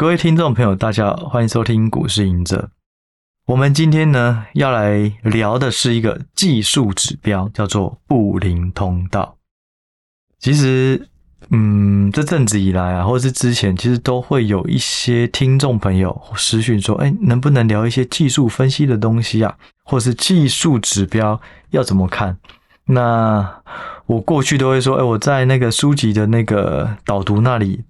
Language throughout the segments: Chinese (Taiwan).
各位聽眾朋友，大家好，歡迎收聽《股市隱者》。我們今天呢，要來聊的是一個技術指標，叫做布林通道。其實，嗯，這陣子以來啊，或是之前，其實都會有一些聽眾朋友私訊說：“哎，能不能聊一些技術分析的東西啊？或是技術指標要怎麼看？”那我過去都會說：“哎，我在那個書籍的那個導讀那裡。”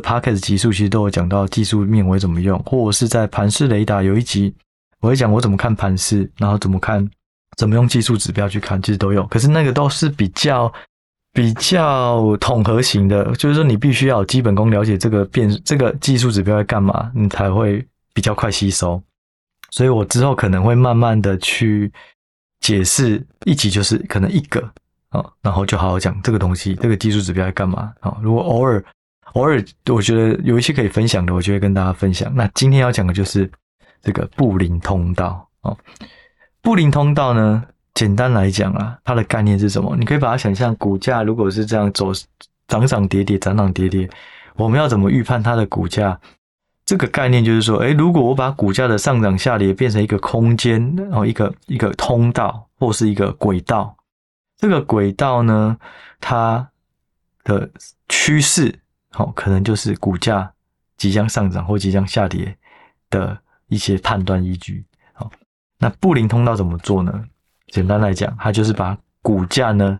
podcast 集數其實都有講到技術面我怎麼用，或者是在盤勢雷達有一集我會講我怎麼看盤勢，然後怎麼看怎麼用技術指標去看，其實都有。可是那個都是比較比較統合型的，就是說你必須要有基本功，了解這個變這個技術指標在幹嘛，你才會比較快吸收。所以我之後可能會慢慢的去解釋一集，就是可能一個啊，然後就好好講這個東西，這個技術指標在幹嘛啊？如果偶爾。偶爾我覺得有一些可以分享的，我就會跟大家分享。那今天要講的就是這個布林通道哦，布林通道呢，簡單來講啊，它的概念是什麼？你可以把它想象，股價如果是這樣走，漲漲跌跌，漲漲跌跌，跌，我們要怎麼預判它的股價？這個概念就是說，誒，如果我把股價的上漲下跌變成一個空間，然後一個一個通道或是一個軌道，這個軌道呢，它的趨勢。好、哦，可能就是股價即將上漲或即將下跌的一些判斷依據。好、哦，那布林通道怎麼做呢？簡單來講，它就是把股價呢，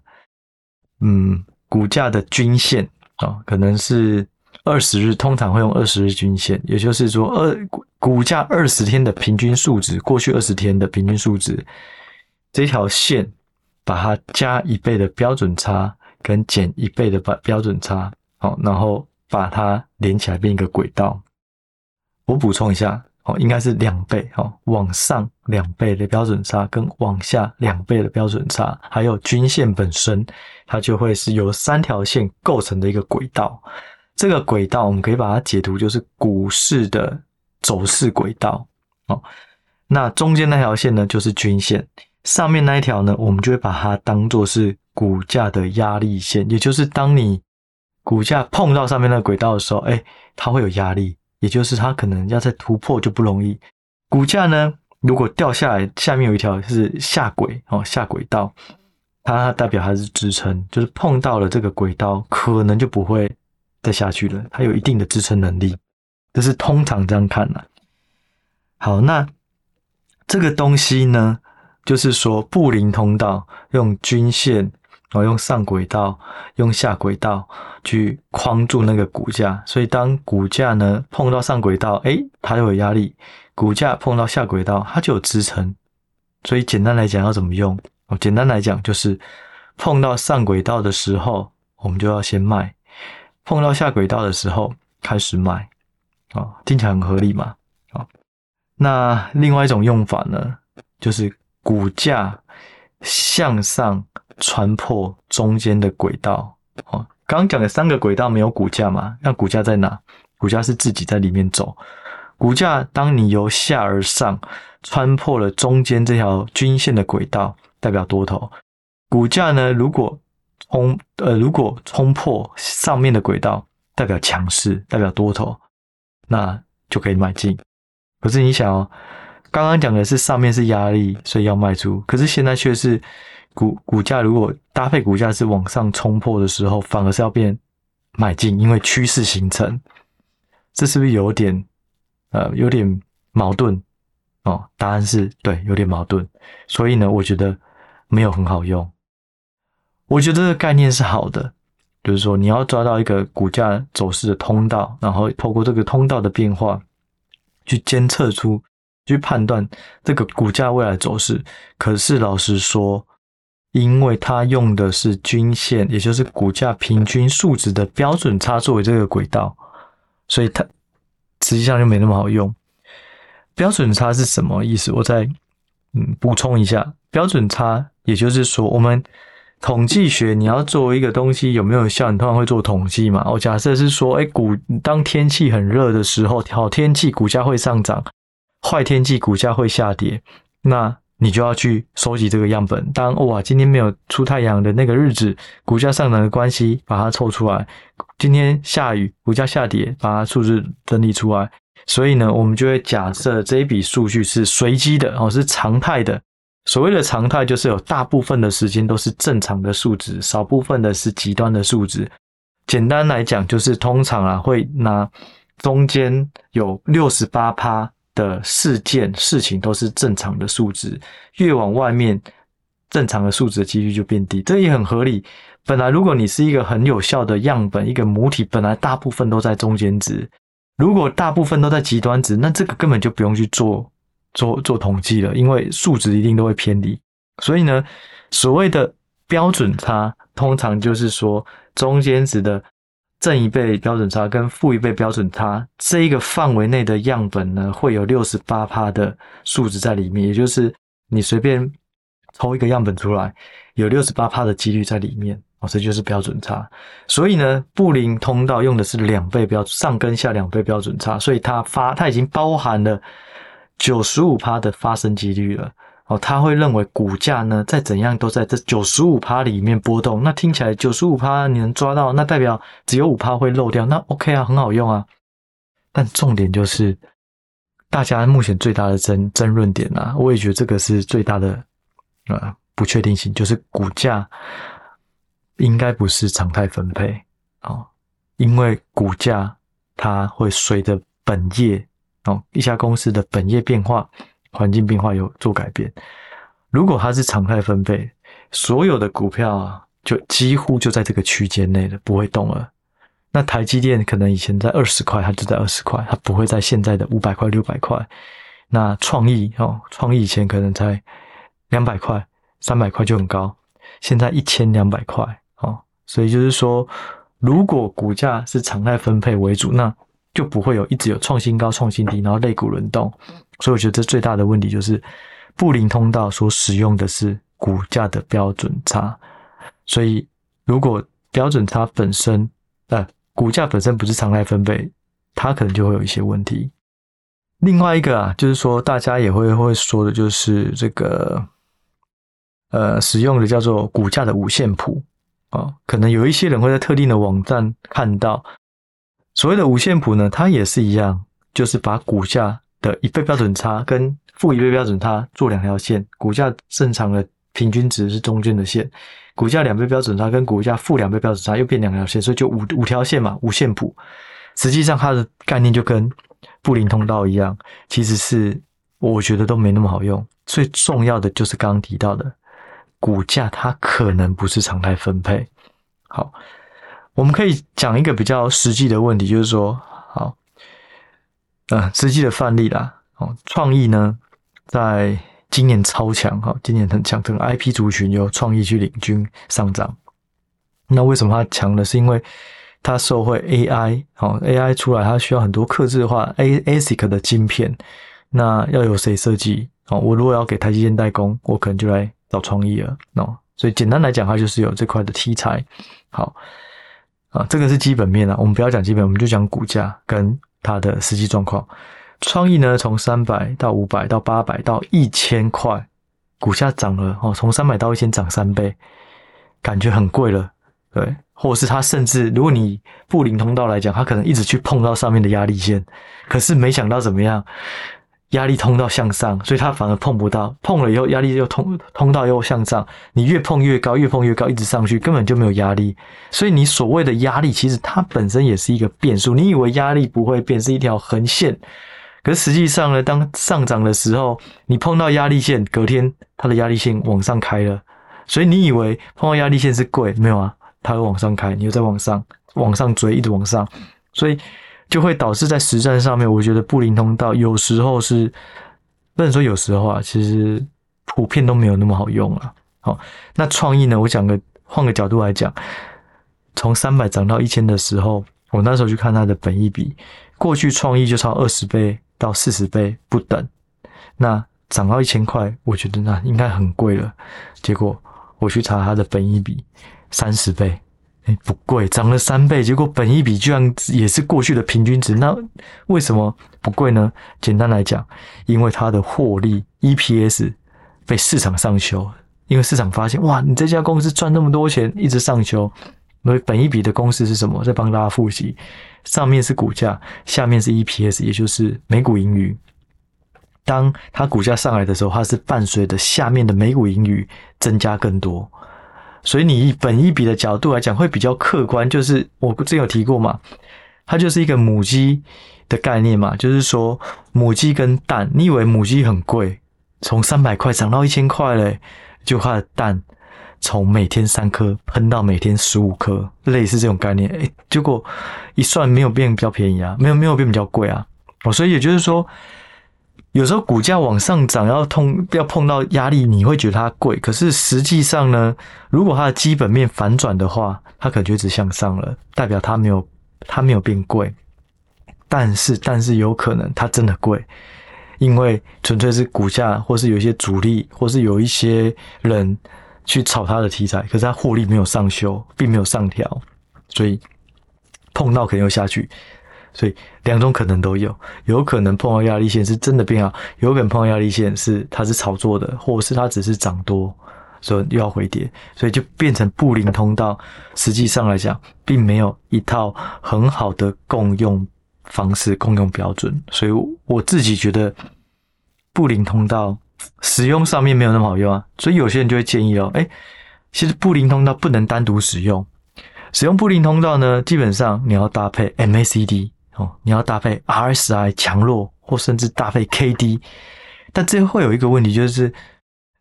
嗯，股價的均線啊、哦，可能是二十日，通常會用二十日均線，也就是說，二股價二十天的平均數值，過去二十天的平均數值，這條線，把它加一倍的標準差跟減一倍的標標準差。好，然後把它連起來變一個軌道。我補充一下，哦，應該是兩倍，哦，往上兩倍的標準差跟往下兩倍的標準差，還有均線本身，它就會是由三條線構成的一個軌道。這個軌道我們可以把它解讀就是股市的走勢軌道。哦，那中間那條線呢，就是均線；上面那一條呢，我們就會把它當做是股價的壓力線，也就是當你。股價碰到上面的軌道的時候，哎，它會有壓力，也就是它可能要再突破就不容易。股價呢，如果掉下來，下面有一條是下軌哦，下軌道，它，它代表它是支撐，就是碰到了這個軌道，可能就不會再下去了，它有一定的支撐能力，這是通常這樣看的啊。好，那這個東西呢，就是說布林通道用均線。我、哦、用上軌道，用下軌道去框住那個股價，所以當股價呢碰到上軌道，哎，它就有壓力；股價碰到下軌道，它就有支撐。所以簡單來講，要怎麼用？哦，簡單來講就是碰到上軌道的時候，我們就要先賣；碰到下軌道的時候，開始賣。啊、哦，聽起來很合理嘛。啊、哦，那另外一種用法呢，就是股價。向上穿破中間的軌道，哦，剛剛講的三個軌道沒有股價嘛？那股價在哪？股價是自己在裡面走。股價當你由下而上穿破了中間這條均線的軌道，代表多頭。股價呢？如果衝，呃，如果衝破上面的軌道，代表強勢，代表多頭，那就可以買進。可是你想哦。剛剛講的是上面是壓力，所以要賣出。可是現在卻是股股價如果搭配股價是往上衝破的時候，反而是要變買進，因為趨勢形成。這是不是有點呃有點矛盾？哦，答案是對，有點矛盾。所以呢，我覺得沒有很好用。我覺得這個概念是好的，就是說你要抓到一個股價走勢的通道，然後透過這個通道的變化去監測出。去判斷這個股價未來走勢，可是老實說，因為它用的是均線，也就是股價平均數值的標準差作為這個軌道，所以它實際上就沒那麼好用。標準差是什麼意思？我再嗯補充一下，標準差，也就是說，我們統計學你要做一個東西有沒有效，你通常會做統計嘛，哦。我假設是說，哎，股當天氣很熱的時候，好天氣股價會上漲。壞天氣股價會下跌，那你就要去收集這個樣本。當然哇，今天沒有出太陽的那個日子，股價上漲的關係，把它湊出來；今天下雨，股價下跌，把它數字整理出來。所以呢，我們就會假設這一筆數據是隨機的哦，是常態的。所謂的常態，就是有大部分的時間都是正常的數值，少部分的是極端的數值。簡單來講，就是通常啊，會拿中間有六十八趴。的事件、事情都是正常的數值，越往外面，正常的數值的幾率就變低，這也很合理。本來如果你是一個很有效的樣本，一個母體本來大部分都在中間值，如果大部分都在極端值，那這個根本就不用去做做做統計了，因為數值一定都會偏離。所以呢，所謂的標準差，通常就是說中間值的。正一倍標準差跟負一倍標準差這一個範圍內的樣本呢，會有六十八趴的數值在裡面，也就是你隨便抽一個樣本出來，有六十八趴的幾率在裡面哦，這就是標準差。所以呢，布林通道用的是兩倍標上跟下兩倍標準差，所以它發它已經包含了九十五趴的發生幾率了。哦，他會認為股價呢，再怎樣都在這九十五趴裡面波動。那聽起來九十五趴你能抓到，那代表只有五趴會漏掉，那 OK 啊，很好用啊。但重點就是，大家目前最大的爭爭論點啊，我也覺得這個是最大的啊、呃、不確定性，就是股價應該不是常態分配哦，因為股價它會隨着本業哦一家公司的本業變化。環境變化有做改變，如果它是常態分配，所有的股票啊，就幾乎就在這個區間內的，不會動了。那台積電可能以前在二十塊，它就在二十塊，它不會在現在的五百塊、六百塊。那創意哦，創意以前可能才兩百塊、三百塊就很高，現在一千兩百塊哦。所以就是說，如果股價是常態分配為主，那就不會有一直有創新高、創新低，然後類股輪動。所以我覺得這最大的問題就是布林通道所使用的是股價的標準差，所以如果標準差本身，呃，股價本身不是常態分配，它可能就會有一些問題。另外一個啊，就是說大家也會會說的，就是這個呃，使用的叫做股價的五線譜啊，哦，可能有一些人會在特定的網站看到所謂的五線譜呢，它也是一樣，就是把股價。的一倍標準差跟負一倍標準差做兩條線，股價正常的平均值是中間的線，股價兩倍標準差跟股價負兩倍標準差又變兩條線，所以就五五條線嘛，五線譜。實際上它的概念就跟布林通道一樣，其實是我覺得都沒那麼好用。最重要的就是剛剛提到的，股價它可能不是常態分配。好，我們可以講一個比較實際的問題，就是說，好。呃，實際的範例啦，哦，創意呢，在今年超強，哈、哦，今年很強，整個 I P 族群有創意去領軍上漲。那為什麼它強呢？是因為它受惠 A I，好、哦，A I 出來它需要很多客製化 ASIC 的晶片，那要由誰設計？哦，我如果要給台積電代工，我可能就來找創意了，喏、哦。所以簡單來講，它就是有這塊的題材，好，啊，這個是基本面啊，我們不要講基本，我們就講股價跟。他的實際狀況，創意呢，從三百到五百到八百到一千塊，股價漲了哦，從三百到一千漲三倍，感覺很貴了，對？或是他甚至，如果你布林通道來講，他可能一直去碰到上面的壓力線，可是沒想到怎麼樣？壓力通道向上，所以它反而碰不到。碰了以後，壓力又通通道又向上。你越碰越高，越碰越高，一直上去，根本就沒有壓力。所以你所謂的壓力，其實它本身也是一個變數。你以為壓力不會變，是一條橫線。可實際上呢，當上漲的時候，你碰到壓力線，隔天它的壓力線往上開了。所以你以為碰到壓力線是貴，沒有啊，它會往上開，你又再往上，往上追，一直往上。所以。就會導致在實戰上面，我覺得布林通道有時候是，不能說有時候啊，其實普遍都沒有那麼好用啊。好，那創意呢？我講個換個角度來講，從三百漲到一千的時候，我那時候去看它的本益比，過去創意就超二十倍到四十倍不等。那漲到一千塊，我覺得那應該很貴了。結果我去查它的本益比，三十倍。不貴，漲了三倍，結果本益比居然也是過去的平均值，那為什麼不貴呢？簡單來講，因為它的獲利 EPS 被市場上修，因為市場發現哇，你這家公司賺那麼多錢，一直上修，所以本益比的公式是什麼？在幫大家復習，上面是股價，下面是 EPS，也就是每股盈餘。當它股價上來的時候，它是伴隨着下面的每股盈餘增加更多。所以你本益比的角度來講會比較客觀，就是我之前有提過嘛，它就是一個母雞的概念嘛，就是說母雞跟蛋，你以為母雞很貴，從三百塊漲到一千塊嘞，就它的蛋從每天三顆噴到每天十五顆，類似這種概念，誒結果一算沒有變比較便宜啊，沒有沒有變比較貴啊，所以也就是說。有時候股價往上漲，要碰要碰到壓力，你會覺得它貴。可是實際上呢，如果它的基本面反轉的話，它可能就一直向上了，代表它沒有它沒有變貴。但是但是有可能它真的貴，因為純粹是股價，或是有一些主力，或是有一些人去炒它的題材，可是它獲利沒有上修，並沒有上調，所以碰到可能又下去。所以兩種可能都有，有可能碰到壓力線是真的變好，有可能碰到壓力線是它是炒作的，或者是它只是漲多，所以又要回跌，所以就變成布林通道。實際上來講，並沒有一套很好的共用方式、共用標準，所以我自己覺得布林通道使用上面沒有那麼好用啊。所以有些人就會建議哦，哎，其實布林通道不能單獨使用，使用布林通道呢，基本上你要搭配 MACD。哦，你要搭配 RSI 強弱，或甚至搭配 KD，但這會有一個問題，就是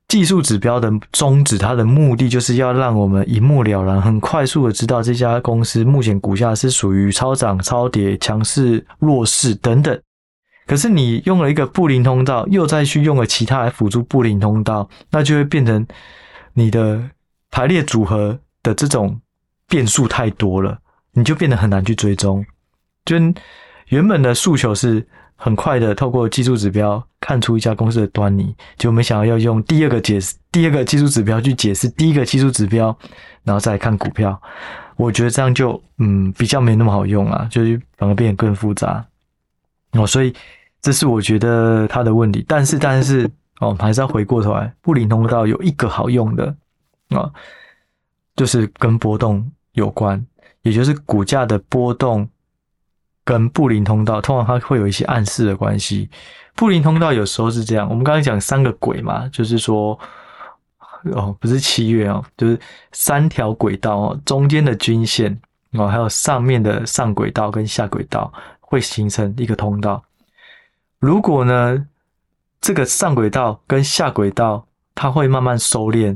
技術指標的宗旨，它的目的就是要讓我們一目了然，很快速的知道這家公司目前股價是屬於超漲、超跌、強勢、弱勢等等。可是你用了一個布林通道，又再去用了其他來輔助布林通道，那就會變成你的排列組合的這種變數太多了，你就變得很難去追蹤。就原本的訴求是很快的，透過技術指標看出一家公司的端倪，就沒想到要用第二個解第二個技術指標去解釋第一個技術指標，然後再來看股票。我覺得這樣就嗯，比較沒那麼好用啊，就反而變得更複雜哦。所以這是我覺得他的問題。但是但是哦，還是要回過頭來，布林通道有一個好用的啊，哦，就是跟波動有關，也就是股價的波動。跟布林通道，通常它會有一些暗示的關係。布林通道有時候是這樣，我們剛才講三個軌嘛，就是說，哦，不是七月哦，就是三條軌道哦，中間的均線哦，還有上面的上軌道跟下軌道會形成一個通道。如果呢，這個上軌道跟下軌道它會慢慢收斂，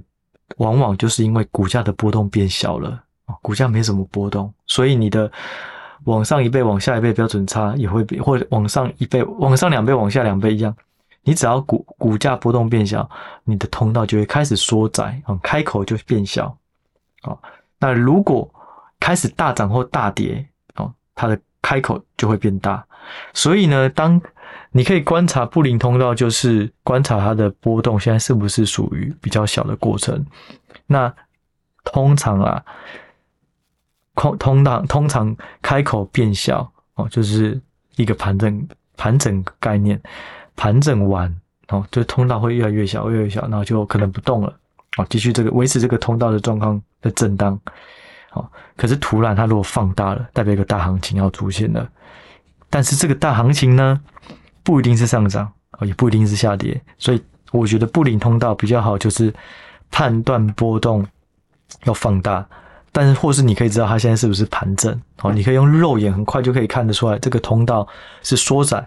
往往就是因為股價的波動變小了，股價沒什麼波動，所以你的。往上一倍，往下一倍標準差也會變，或者往上一倍，往上兩倍，往下兩倍一樣。你只要股股價波動變小，你的通道就會開始縮窄，嗯，開口就會變小，哦，那如果開始大漲或大跌，哦，它的開口就會變大。所以呢，當你可以觀察布林通道，就是觀察它的波動現在是不是屬於比較小的過程。那通常啊。通通道通常開口變小哦，就是一個盤整盤整概念，盤整完哦，就是，通道會越來越小，越來越小，然後就可能不動了啊，繼續這個維持這個通道的狀況的震盪。哦，可是突然它如果放大了，代表一個大行情要出現了。但是這個大行情呢，不一定是上漲哦，也不一定是下跌，所以我覺得布林通道比較好，就是判斷波動要放大。但是，或是你可以知道它現在是不是盤整哦？你可以用肉眼很快就可以看得出來，這個通道是縮窄，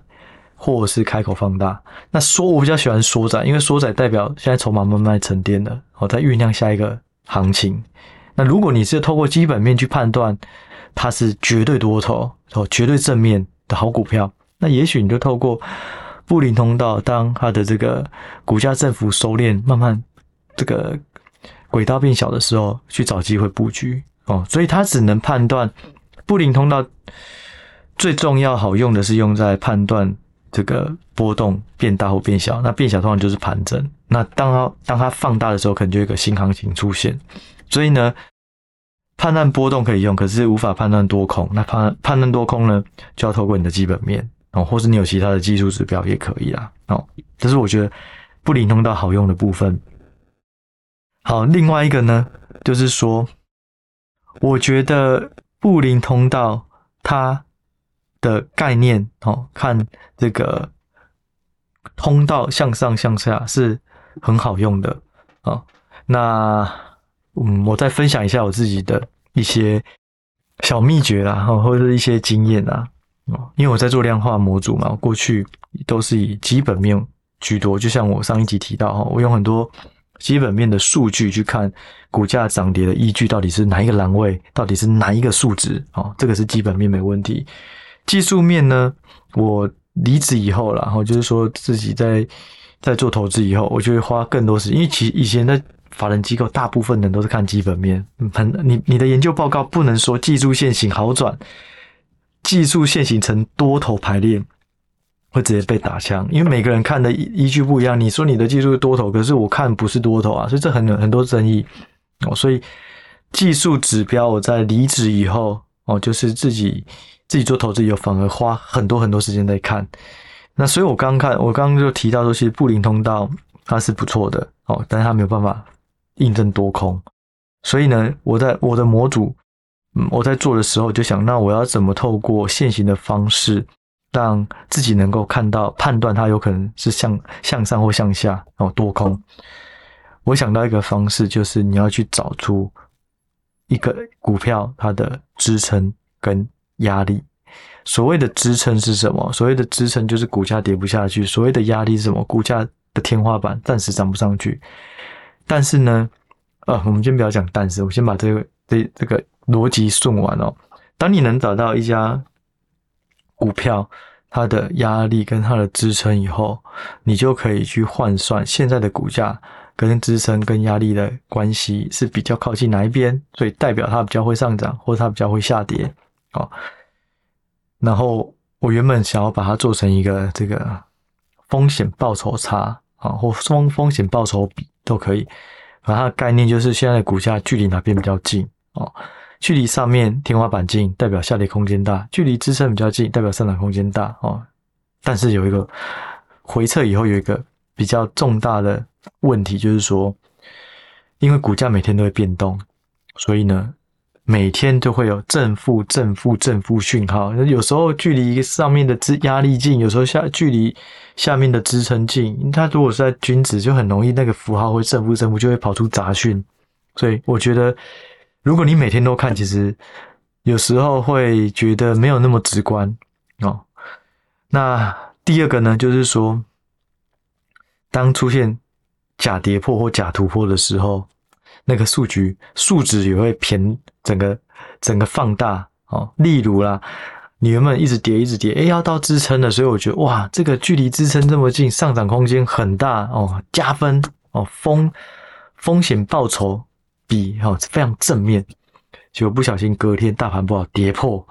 或是開口放大。那縮，我比較喜歡縮窄，因為縮窄代表現在籌碼慢慢沉澱了，哦，再醞釀下一個行情。那如果你是透過基本面去判斷它是絕對多頭哦，絕對正面的好股票，那也許你就透過布林通道，當它的這個股價振幅收斂，慢慢這個。軌道變小的時候去找機會布局哦，所以它只能判斷布林通道最重要好用的是用在判斷這個波動變大或變小。那變小通常就是盤整，那當它當它放大的時候，可能就有一個新行情出現。所以呢，判斷波動可以用，可是無法判斷多空。那判判斷多空呢，就要透過你的基本面哦，或是你有其他的技術指標也可以啊哦。但是我覺得布林通道好用的部分。好，另外一個呢，就是說，我覺得布林通道它的概念，哦，看這個通道向上向下是很好用的啊。那嗯，我再分享一下我自己的一些小秘訣啦，或者一些經驗啊。哦，因為我在做量化模組嘛，我過去都是以基本面居多，就像我上一集提到哈，我用很多。基本面的數據去看股價漲跌的依據到底是哪一個欄位，到底是哪一個數值啊，哦，這個是基本面沒問題。技術面呢，我離職以後啦，然後就是說自己在在做投資以後，我就會花更多時間。因為其以前的法人機構，大部分人都是看基本面。你你的研究報告不能說技術線型好轉，技術線型呈多頭排列。會直接被打槍，因為每個人看的依據不一樣。你說你的技術多頭，可是我看不是多頭啊，所以這很有很多爭議哦。所以技術指標，我在離職以後哦，就是自己自己做投資以後，也反而花很多很多時間在看。那所以我剛看，我剛剛就提到說，其實布林通道它是不錯的哦，但是它沒有辦法印證多空。所以呢，我在我的模組，嗯，我在做的時候就想，那我要怎麼透過線型的方式？讓自己能夠看到，判斷它有可能是向向上或向下，哦，多空。我想到一個方式，就是你要去找出一個股票它的支撐跟壓力。所謂的支撐是什麼？所謂的支撐就是股價跌不下去。所謂的壓力是什麼？股價的天花板暫時漲不上去。但是呢，呃，我們先不要講但是，我先把這個這個、這個邏輯順完哦。當你能找到一家。股票它的壓力跟它的支撐以後，你就可以去換算現在的股價跟支撐跟壓力的關係是比較靠近哪一邊，所以代表它比較會上漲，或者它比較會下跌。哦。然後我原本想要把它做成一個這個風險報酬差啊，或風風險報酬比都可以，然後它的概念就是現在的股價距離哪邊比較近哦。距離上面天花板近，代表下跌空間大；距離支撐比較近，代表上漲空間大哦。但是有一個回撤以後，有一個比較重大的問題，就是說，因為股價每天都會變動，所以呢，每天都會有正負、正負、正負訊號。有時候距離上面的支壓力近，有時候下距離下面的支撐近。它如果是在均值，就很容易那個符號會正負正負，負就會跑出雜訊。所以我覺得。如果你每天都看，其實有時候會覺得沒有那麼直觀哦。那第二個呢，就是說，當出現假跌破或假突破的時候，那個數據數值也會偏整個整個放大哦。例如啦，你原本一直跌一直跌，哎，要到支撐了，所以我覺得哇，這個距離支撐這麼近，上漲空間很大哦，加分哦，風風險報酬。好，非常正面。結果不小心隔天大盤不好，跌破，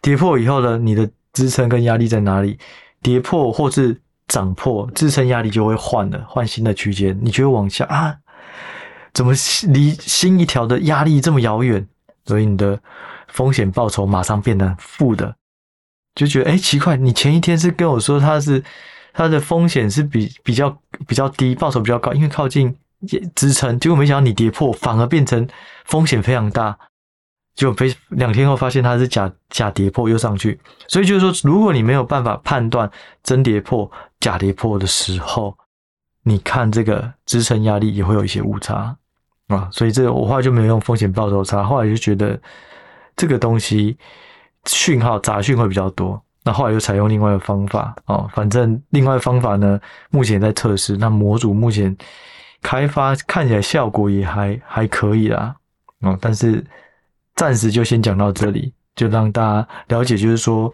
跌破以後呢，你的支撐跟壓力在哪裡？跌破或是漲破，支撐壓力就會換了，換新的區間。你就會往下啊，怎麼離新一條的壓力這麼遙遠？所以你的風險報酬馬上變得負的，就覺得哎，欸，奇怪，你前一天是跟我說它是它的風險是比比較比較低，報酬比較高，因為靠近。也支撐，結果沒想到你跌破，反而變成風險非常大。就非兩天後發現它是假假跌破，又上去。所以就是說，如果你沒有辦法判斷真跌破、假跌破的時候，你看這個支撐壓力也會有一些誤差啊、嗯。所以這個我後來就沒有用風險報酬差，後來就覺得這個東西訊號雜訊會比較多。那後來又採用另外一個方法啊、哦，反正另外的方法呢，目前在測試。那模組目前。開發看起來效果也還還可以啦，嗯，但是暫時就先講到這裡，就讓大家了解，就是說，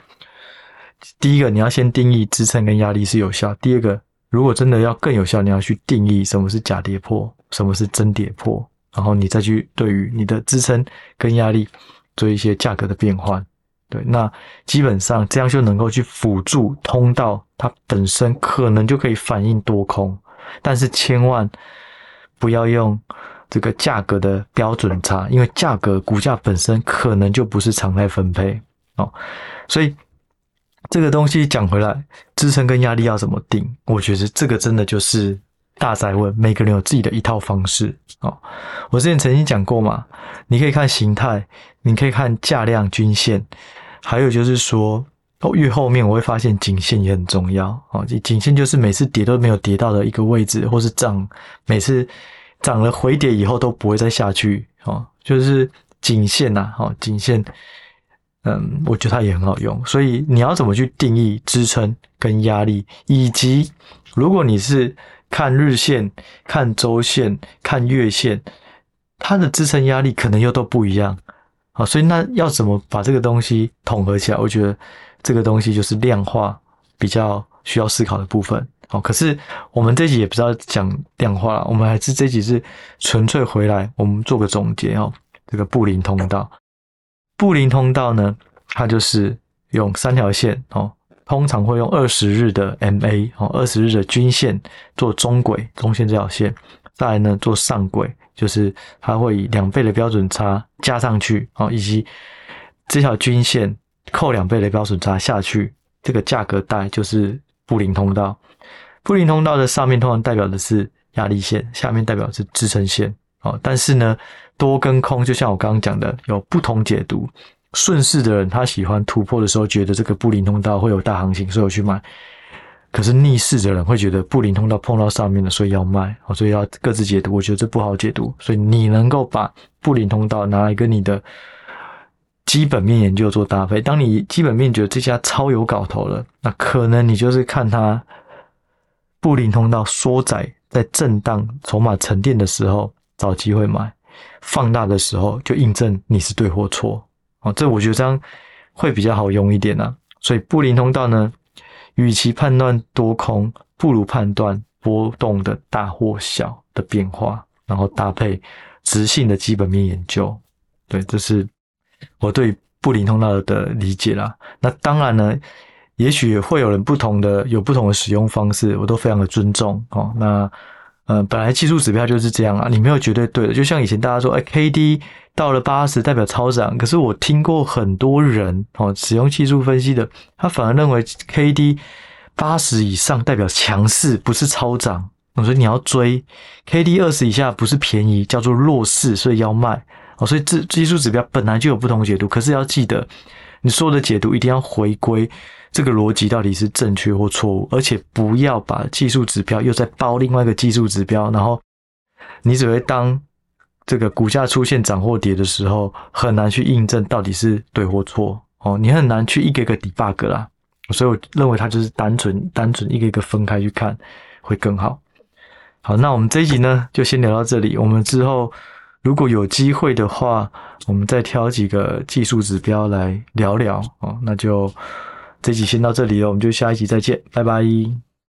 第一個你要先定義支撐跟壓力是有效；第二個，如果真的要更有效，你要去定義什麼是假跌破，什麼是真跌破，然後你再去對於你的支撐跟壓力做一些價格的變換，對，那基本上這樣就能夠去輔助通道，它本身可能就可以反映多空。但是千萬不要用這個價格的標準差，因為價格股價本身可能就不是常態分配哦。所以這個東西講回來，支撐跟壓力要怎麼定？我覺得這個真的就是大哉問，每個人有自己的一套方式哦。我之前曾經講過嘛，你可以看形態，你可以看價量均線，還有就是說。越後面我會發現頸線也很重要啊，頸線就是每次跌都沒有跌到的一個位置，或是漲每次漲了回跌以後都不會再下去就是頸線啊，哦，線，嗯，我覺得它也很好用。所以你要怎麼去定義支撐跟壓力，以及如果你是看日線、看周線、看月線，它的支撐壓力可能又都不一樣，所以那要怎麼把這個東西統合起來？我覺得。這個東西就是量化比較需要思考的部分，好，可是我們這集也不知道講量化啦，我們還是這集是純粹回來，我們做個總結哦。這個布林通道，布林通道呢，它就是用三條線哦，通常會用二十日的 MA 哦，二十日的均線做中軌，中線這條線，再來呢做上軌，就是它會以兩倍的標準差加上去哦，以及這條均線。扣兩倍的標準差下去，這個價格帶就是布林通道。布林通道的上面通常代表的是壓力線，下面代表的是支撐線。啊，但是呢，多跟空就像我剛剛講的，有不同解讀。順勢的人他喜歡突破的時候，覺得這個布林通道會有大行情，所以我去買。可是逆勢的人會覺得布林通道碰到上面了，所以要賣。所以要各自解讀。我覺得這不好解讀，所以你能夠把布林通道拿來跟你的。基本面研究做搭配，當你基本面覺得這家超有搞頭了，那可能你就是看它布林通道縮窄，在震盪籌碼沉澱的時候找機會買，放大的時候就印證你是對或錯。哦，這我覺得這樣會比較好用一點啊。所以布林通道呢，與其判斷多空，不如判斷波動的大或小的變化，然後搭配直性的基本面研究。對，這是我對布林通道的理解啦，那當然呢，也許會有人不同的，有不同的使用方式，我都非常的尊重哦。那呃，本來技術指標就是這樣啊，你沒有絕對對的。就像以前大家說，哎，K D 到了八十代表超漲，可是我聽過很多人哦，使用技術分析的，他反而認為 K D 八十以上代表強勢，不是超漲。我說你要追，K D 二十以下不是便宜，叫做弱勢，所以要賣。哦，所以這技術指標本來就有不同解讀，可是要記得你說的解讀一定要回歸這個邏輯，到底是正確或錯誤，而且不要把技術指標又再包另外一個技術指標，然後你只會當這個股價出現漲或跌的時候，很難去印證到底是對或錯。哦，你很難去一個一個 debug 啦。所以我認為它就是單純單純一個一個分開去看會更好。好，那我們這一集呢就先聊到這裡，我們之後。如果有機會的話，我們再挑幾個技術指標來聊聊哦，那就這集先到這裡哦，我們就下一集再見，拜拜。